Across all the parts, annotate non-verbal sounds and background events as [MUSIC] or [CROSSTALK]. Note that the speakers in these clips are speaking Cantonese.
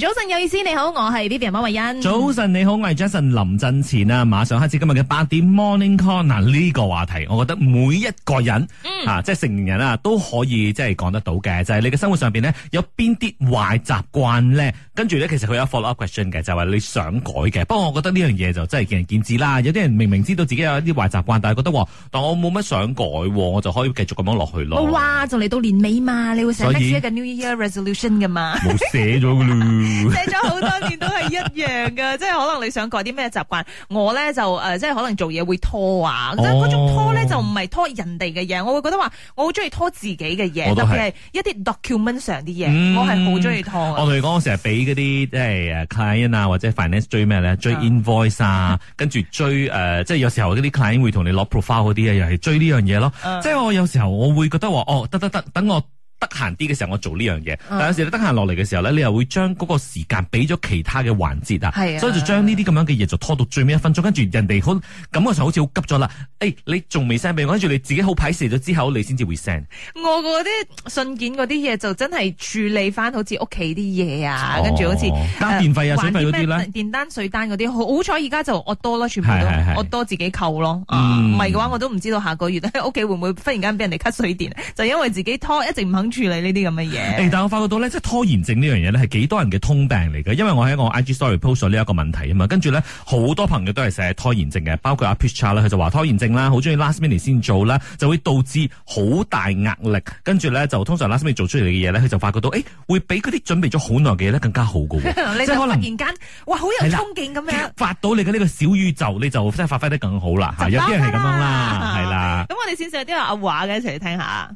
早晨有意思，你好，我係 Vivian 馬慧欣。早晨你好，我係 Jason 林振前啊！馬上開始今日嘅八點 Morning Call 呢、啊這個話題，我覺得每一個人、嗯、啊，即係成年人啊，都可以即係講得到嘅，就係、是、你嘅生活上邊呢，有邊啲壞習慣咧？跟住咧，其實佢有 follow up question 嘅，就係話你想改嘅。不過我覺得呢樣嘢就真係見仁見智啦。有啲人明明知道自己有一啲壞習慣，但係覺得，但我冇乜想改，我就可以繼續咁樣落去咯。哇！仲嚟到年尾嘛？你會寫一個 year 的 New Year Resolution 噶嘛？冇寫咗寫咗好多年都係一樣噶，即係可能你想改啲咩習慣，我咧就誒、呃，即係可能做嘢會拖啊，oh. 即係嗰種拖咧就唔係拖人哋嘅嘢，我會覺得話我好中意拖自己嘅嘢，特別係一啲 document 上啲嘢，嗯，我係好中意拖。我同你講，我成日俾嗰啲即係 client 啊或者 finance 追咩咧，追 invoice 啊，uh. 跟住追誒、呃，即係有時候嗰啲 client 會同你攞 profile 嗰啲啊，又係追呢樣嘢咯。Uh. 即係我有時候我會覺得話，哦，得得得，等我。得閒啲嘅時候我做呢樣嘢，但有時咧得閒落嚟嘅時候呢，你又會將嗰個時間俾咗其他嘅環節啊，所以就將呢啲咁樣嘅嘢就拖到最尾一分鐘，跟住、啊、人哋好感覺上好似好急咗啦、欸，你仲未 send 俾我，跟住你自己好歹死咗之後你先至會 send。我嗰啲信件嗰啲嘢就真係處理返，哦、好似屋企啲嘢啊，跟住好似交電費啊，水費嗰啲咧，電單水單嗰啲，好彩而家就我多啦，全部都是是是我多自己扣咯，唔係嘅話我都唔知道下個月喺屋企會唔會忽然間俾人哋 cut 水電，就因為自己拖一直唔肯。處理呢啲咁嘅嘢，誒、欸，但我發覺到咧，即係拖延症呢樣嘢咧，係幾多人嘅通病嚟嘅。因為我喺我 IG story post 咗呢一個問題啊嘛，跟住咧好多朋友都係寫拖延症嘅，包括阿 Pitcher 啦，佢就話拖延症啦，好中意 last minute 先做啦，就會導致好大壓力。跟住咧就通常 last minute 做出嚟嘅嘢咧，佢就發覺到，誒、欸，會比嗰啲準備咗好耐嘅嘢咧更加好噶。即 [LAUGHS] 係可能突然間，哇，好有衝勁咁樣，發到你嘅呢個小宇宙，你就真係發揮得更好啦。有啲人係咁樣啦，係啦。咁、 [LAUGHS] 嗯、我哋先上啲阿畫嘅一齊嚟聽下。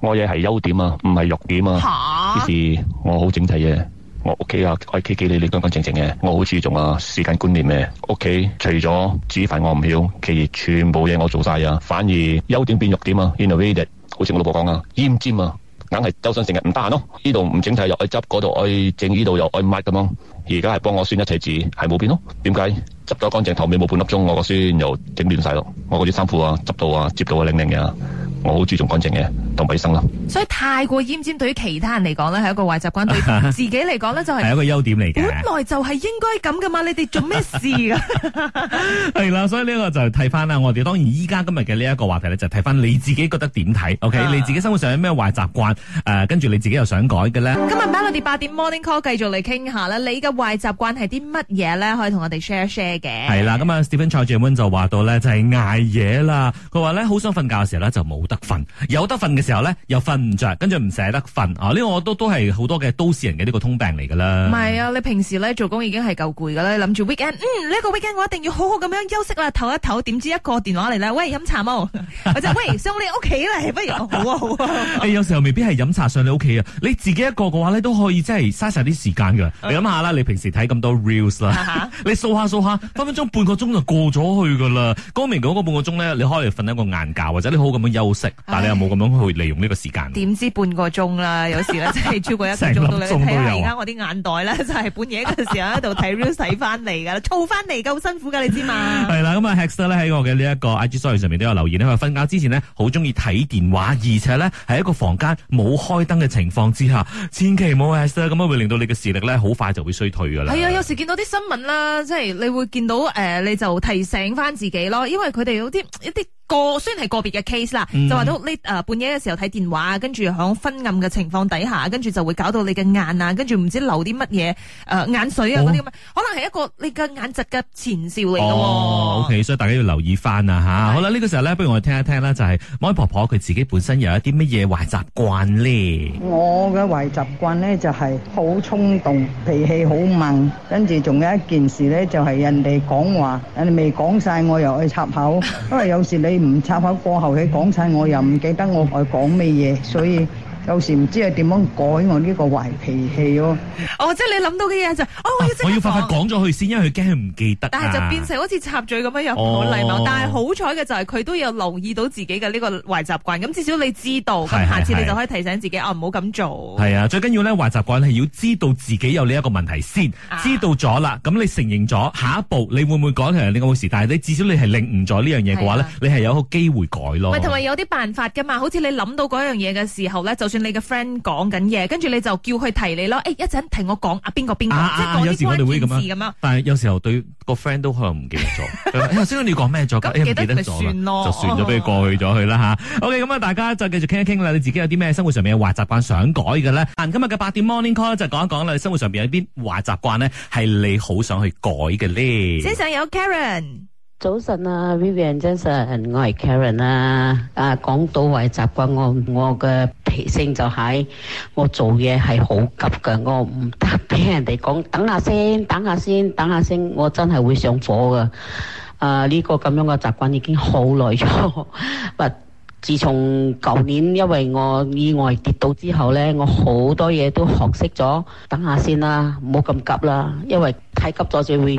我嘢係優點啊，唔係弱點啊。於是我好整齊嘅，我屋企啊，I K K 你你乾乾淨淨嘅。我好注重啊時間觀念嘅。屋企除咗煮飯我唔曉，其餘全部嘢我做晒啊。反而優點變弱點啊。i n n o v a t e 好似我老婆講啊，奄尖啊，硬係周身成日唔得閒咯。呢度唔整齊又去執，嗰度去整，呢度又愛抹咁樣。而家係幫我孫一齊煮，係冇變咯。點解？執咗乾淨，頭尾冇半粒鐘，我個孫又整亂晒咯。我嗰啲衫褲啊，執到啊，接到啊，零零嘅。我好注重乾淨嘅，同衛生啦，所以太過奄尖對於其他人嚟講咧，係一個壞習慣；對自己嚟講咧，就係係一個優點嚟嘅。本來就係應該咁噶嘛，你哋做咩事㗎？係 [LAUGHS] 啦， [LAUGHS] 所以呢個就係睇返啦。我哋當然依家今日嘅呢一個話題咧，就係睇返你自己覺得點睇？OK，、啊、你自己生活上有咩壞習慣？誒、呃，跟住你自己又想改嘅咧。今日俾我哋八點 Morning Call 繼續嚟傾下啦。你嘅家壞習慣係啲乜嘢咧？可以同我哋 share share 嘅。係啦，咁啊 Stephen 蔡志文就話到咧，就係捱夜啦。佢話咧，好想瞓覺嘅時候咧，就冇瞓有得瞓嘅時候咧，又瞓唔着，跟住唔捨得瞓啊！呢個我都都係好多嘅都市人嘅呢個通病嚟噶啦。唔係啊，你平時咧做工已經係夠攰噶啦，諗住 weekend，嗯呢個 weekend 我一定要好好咁樣休息啦，唞一唞。點知一個電話嚟啦，喂，飲茶冇， [LAUGHS] 或者喂，上你屋企嚟，不如好啊 [LAUGHS] 好啊。誒、啊 [LAUGHS] 欸，有時候未必係飲茶上你屋企啊，你自己一個嘅話咧都可以真係嘥晒啲時間噶、嗯。你諗下啦，你平時睇咁多 reels 啦， [LAUGHS] [LAUGHS] 你掃下掃下， [LAUGHS] 分分鐘半個鐘就過咗去噶啦。講明講嗰半個鐘咧，你可以瞓一個晏覺或者你好咁樣休息。但你又冇咁樣去利用呢個時間？點知半個鐘啦，有時咧真係超過一個鐘都 [LAUGHS] 都有。而家我啲眼袋咧，就係、是、半夜嗰陣時候喺度睇 YouTube 睇翻嚟噶啦，嘈翻嚟，夠辛苦噶，你知嘛？係啦，咁啊 Hester 呢，喺我嘅呢一個 IG Story 上面都有留言，因佢瞓覺之前呢，好中意睇電話，而且咧喺一個房間冇開燈嘅情況之下，千祈唔好 Hester 咁樣，會令到你嘅視力咧好快就會衰退噶啦。係啊，有時見到啲新聞啦，即係你會見到誒、呃，你就提醒翻自己咯，因為佢哋有啲一啲。個雖然係個別嘅 case 啦，就話到你誒半夜嘅時候睇電話，跟住響昏暗嘅情況底下，跟住就會搞到你嘅眼啊，跟住唔知流啲乜嘢誒眼水啊嗰啲咁啊，可能係一個你嘅眼疾嘅前兆嚟嘅。哦，OK，所以大家要留意翻啊吓。好啦，呢個時候咧，不如我哋聽一聽啦，就係我婆婆佢自己本身有一啲乜嘢壞習慣咧。我嘅壞習慣咧就係好衝動，脾氣好猛，跟住仲有一件事咧就係人哋講話，人哋未講晒我又去插口，因為有時你。你唔插口過後，你講晒我又唔記得我係講咩嘢，所以。有時唔知係點樣改我呢個壞脾氣囉。哦，即係你諗到嘅嘢就是、哦，我要、啊、我要快快講咗佢先，因為佢驚佢唔記得。但係就變成好似插嘴咁樣入禮、哦、禮貌，但係好彩嘅就係佢都有留意到自己嘅呢個壞習慣，咁至少你知道，咁下次你就可以提醒自己哦，唔好咁做。係啊，最緊要咧壞習慣係要知道自己有呢一個問題先，啊、知道咗啦，咁你承認咗，下一步你會唔會講係、啊、你咁好事？但係你至少你係領悟咗呢樣嘢嘅話咧，你係有個機會改咯。同埋有啲辦法噶嘛，好似你諗到嗰樣嘢嘅時候咧，就。你嘅 friend 講緊嘢，跟住你就叫佢提你咯。誒、欸，一陣提我講啊邊個邊個，即係講啲關鍵事咁、啊、樣。但係有時候對個 friend 都可能唔記、， [LAUGHS] 欸、記得咗。頭先你講咩咗？唔記得就算咯，就算咗俾佢過去咗去啦吓。OK，咁啊，大家就繼續傾一傾啦。你自己有啲咩生活上面嘅壞習慣想改嘅咧？今日嘅八點 morning call 就講一講啦。生活上邊有啲壞習慣咧，係你好想去改嘅咧？車上有 Karen。早晨啊 Vivian, Jensen 我係 Karen 啊。啊，講到話習慣我，我嘅脾性就係我做嘢係好急嘅，我唔得俾人哋講等下先，等下先，等下先，我真係會上火噶。啊，呢個咁樣嘅習慣已經好耐咗。自從舊年因為我意外跌倒之後呢，我好多嘢都學識咗等下先啦，唔好咁急啦，因為太急咗就會。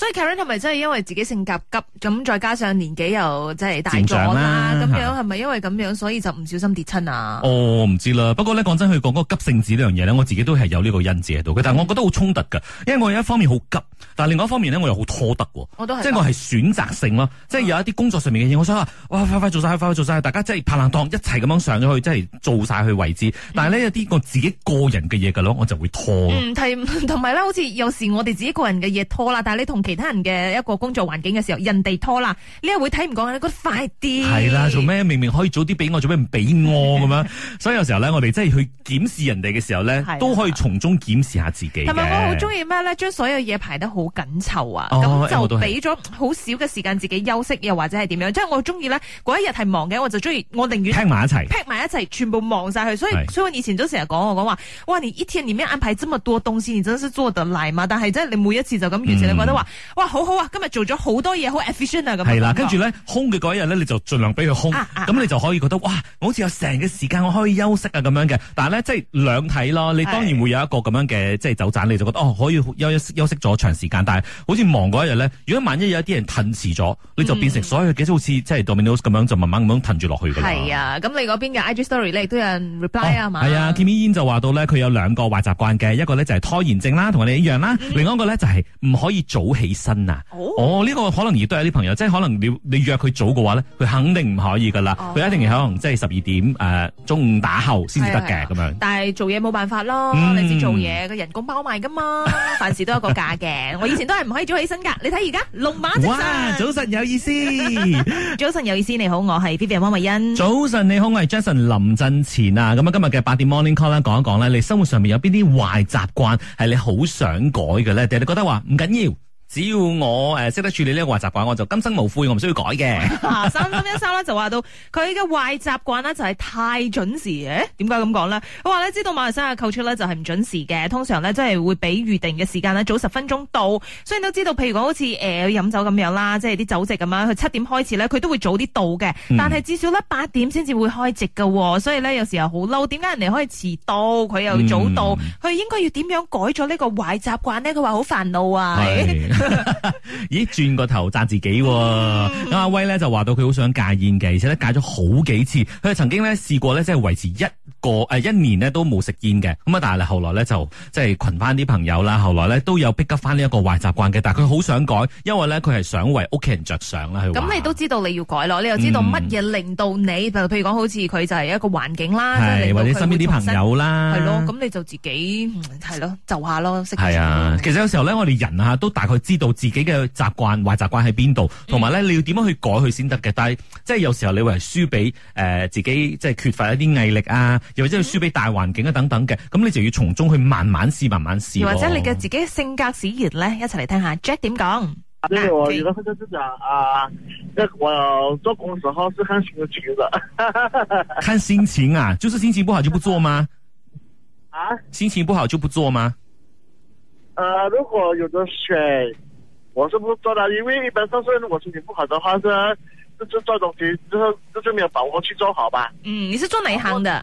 所以 Karen 係咪真係因為自己性格急，咁再加上年紀又真係大咗啦，咁樣係咪因為咁樣所以就唔小心跌親啊？哦，唔知啦。不過咧，講真，佢講嗰個急性子呢樣嘢咧，我自己都係有呢個因子喺度嘅。但係我覺得好衝突噶，因為我有一方面好急，但係另外一方面咧我又好拖得。我都係，即係我係選擇性咯，啊，即係有一啲工作上面嘅嘢，我想話哇快快做晒，快快做晒，大家即係拍爛檔一齊咁樣上咗去，即係做晒去為止。但係呢，有啲我自己個人嘅嘢噶咯，我就會拖。嗯，係同埋咧，好似有時我哋自己個人嘅嘢拖啦，但係你同。其他人嘅一個工作環境嘅時候，人哋拖啦，你又會睇唔講，你覺得快啲係啦，做咩明明可以早啲俾我，做咩唔俾我咁 [LAUGHS] 樣？所以有時候咧，我哋真係去檢視人哋嘅時候咧，都可以從中檢視下自己。同埋我好中意咩咧？將所有嘢排得好緊湊啊，咁、哦、就俾咗好少嘅時間自己休息，又或者係點樣？即、嗯、係我中意咧嗰一日係忙嘅，我就中意我寧願 p 埋一齊 p 埋一齊，全部忙晒佢。所以所以，我以前都成日講我講話：哇，你一天你咩安排這麼多東西，你真係做得嚟嘛？但係真係你每一次就咁完成，你覺得話。哇，好好啊！今日做咗好多嘢，好 efficient 啊！係啦，跟住咧空嘅嗰一日咧，你就盡量俾佢空，咁、啊啊、你就可以覺得哇，我好似有成個時間我可以休息啊咁樣嘅。但係咧即係兩睇咯，你當然會有一個咁樣嘅即係走盞，你就覺得哦可以休息休息咗長時間。但係好似忙嗰一日咧，如果萬一有一啲人褪遲咗，你就變成所有嘅嘢、嗯、好似即係 Dominos 咁樣，就慢慢咁樣褪住落去。係啊，咁你嗰邊嘅 IG story 呢，亦都有人 reply 啊、哦、嘛。係啊，葉美燕就到話到咧，佢有兩個壞習慣嘅，一個咧就係拖延症啦，同我哋一樣啦、嗯。另一個咧就係唔可以早起。起身啊！哦、呢、這個可能亦都有啲朋友，即係可能你你約佢早嘅話咧，佢肯定唔可以噶啦。佢、哦、一定係可能即係十二點誒、呃，中午打後先至得嘅咁樣。但係做嘢冇辦法咯，嗯、你知做嘢個人工包埋噶嘛， [LAUGHS] 凡事都有一個價嘅。我以前都係唔可以早起身噶， [LAUGHS] 你睇而家龍馬精神。哇，早晨有意思， [LAUGHS] 早晨有意思。你好，我係 Melody 汪慧欣。早 [LAUGHS] 晨你好，我係 Jason 林振前啊。咁啊，今日嘅八點 Morning Call 咧，講一講咧，你生活上面有邊啲壞習慣係你好想改嘅咧？定係你覺得話唔緊要？只要我誒識得處理呢個壞習慣，我就今生無悔，我唔需要改嘅。 [LAUGHS] 三三一三咧就話到佢嘅壞習慣呢，就係太準時誒，點解咁講咧？佢話咧，知道馬來西亞購出咧就係唔準時嘅，通常咧即係會比預定嘅時間咧早十分鐘到。所以都知道，譬如講好似誒飲酒咁樣啦，即係啲酒席咁樣，佢七點開始咧，佢都會早啲到嘅。但係至少咧八點先至會開席喎。所以咧有時候好嬲，點解人哋可以遲到，佢又早到？佢、嗯、應該要點樣改咗呢個壞習慣呢？佢話好煩惱啊！咦， [LAUGHS] 轉個頭讚自己喎，啊嗯，阿威咧就話到佢好想戒煙嘅，而且咧戒咗好幾次，佢曾經咧試過咧即係維持一個誒一年咧都冇食煙嘅，咁啊，但係後來咧就即係群翻啲朋友啦，後來咧都有逼急翻呢一個壞習慣嘅，但係佢好想改，因為咧佢係想為屋企人着想啦。咁你都知道你要改咯，你又知道乜嘢令到你，嗯、就譬如講好似佢就係一個環境啦，就是，或者身邊啲朋友啦，係咯，咁你就自己係咯就下咯。係啊，其實有時候咧，我哋人啊都大概知道自己嘅習慣壞習慣喺邊度，同埋咧你要點樣去改佢先得嘅，但係即係有時候你會係輸俾誒自己，呃、即係缺乏一啲毅力啊。又或者佢輸俾大環境啊等等嘅，咁你就要從中去慢慢試，慢慢試，哦。或者你嘅自己性格使然咧，一齊嚟聽下 Jack 點講。啊，我做工嘅時候是看心情嘅。 [LAUGHS] 看心情啊，就是心情不好就不做嗎？啊，心情不好就不做嗎？呃、啊，如果有得選，我是不做的，因為一般多數我心情不好的話，是就，就做東西，就就就沒有把握去做好吧。嗯，你是做哪一行的？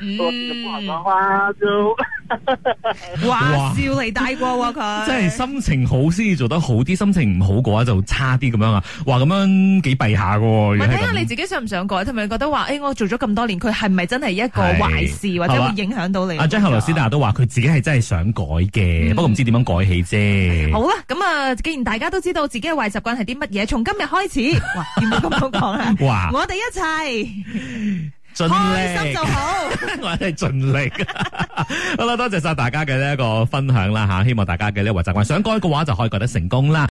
嗯，話笑嚟，大過佢，啊，真係心情好先至做得好啲， [LAUGHS] 心情唔好嘅話就差啲咁樣啊！話咁樣幾弊下喎。睇下你自己想唔想改，同埋覺得話，誒、欸，我做咗咁多年，佢係咪真係一個壞事，或者會影響到你？阿張孝律師都話佢自己係真係想改嘅，嗯，不過唔知點樣改起啫。好啦，咁啊，既然大家都知道自己嘅壞習慣係啲乜嘢，從今日開始， [LAUGHS] 哇，咁講，啊、哇，我哋一齊。 [LAUGHS] 盡力開心就好， [LAUGHS] 我一定盡力。 [LAUGHS] [LAUGHS] 好啦，多謝晒大家嘅呢一個分享啦吓，希望大家嘅呢個習慣，想改嘅話就可以改得成功啦。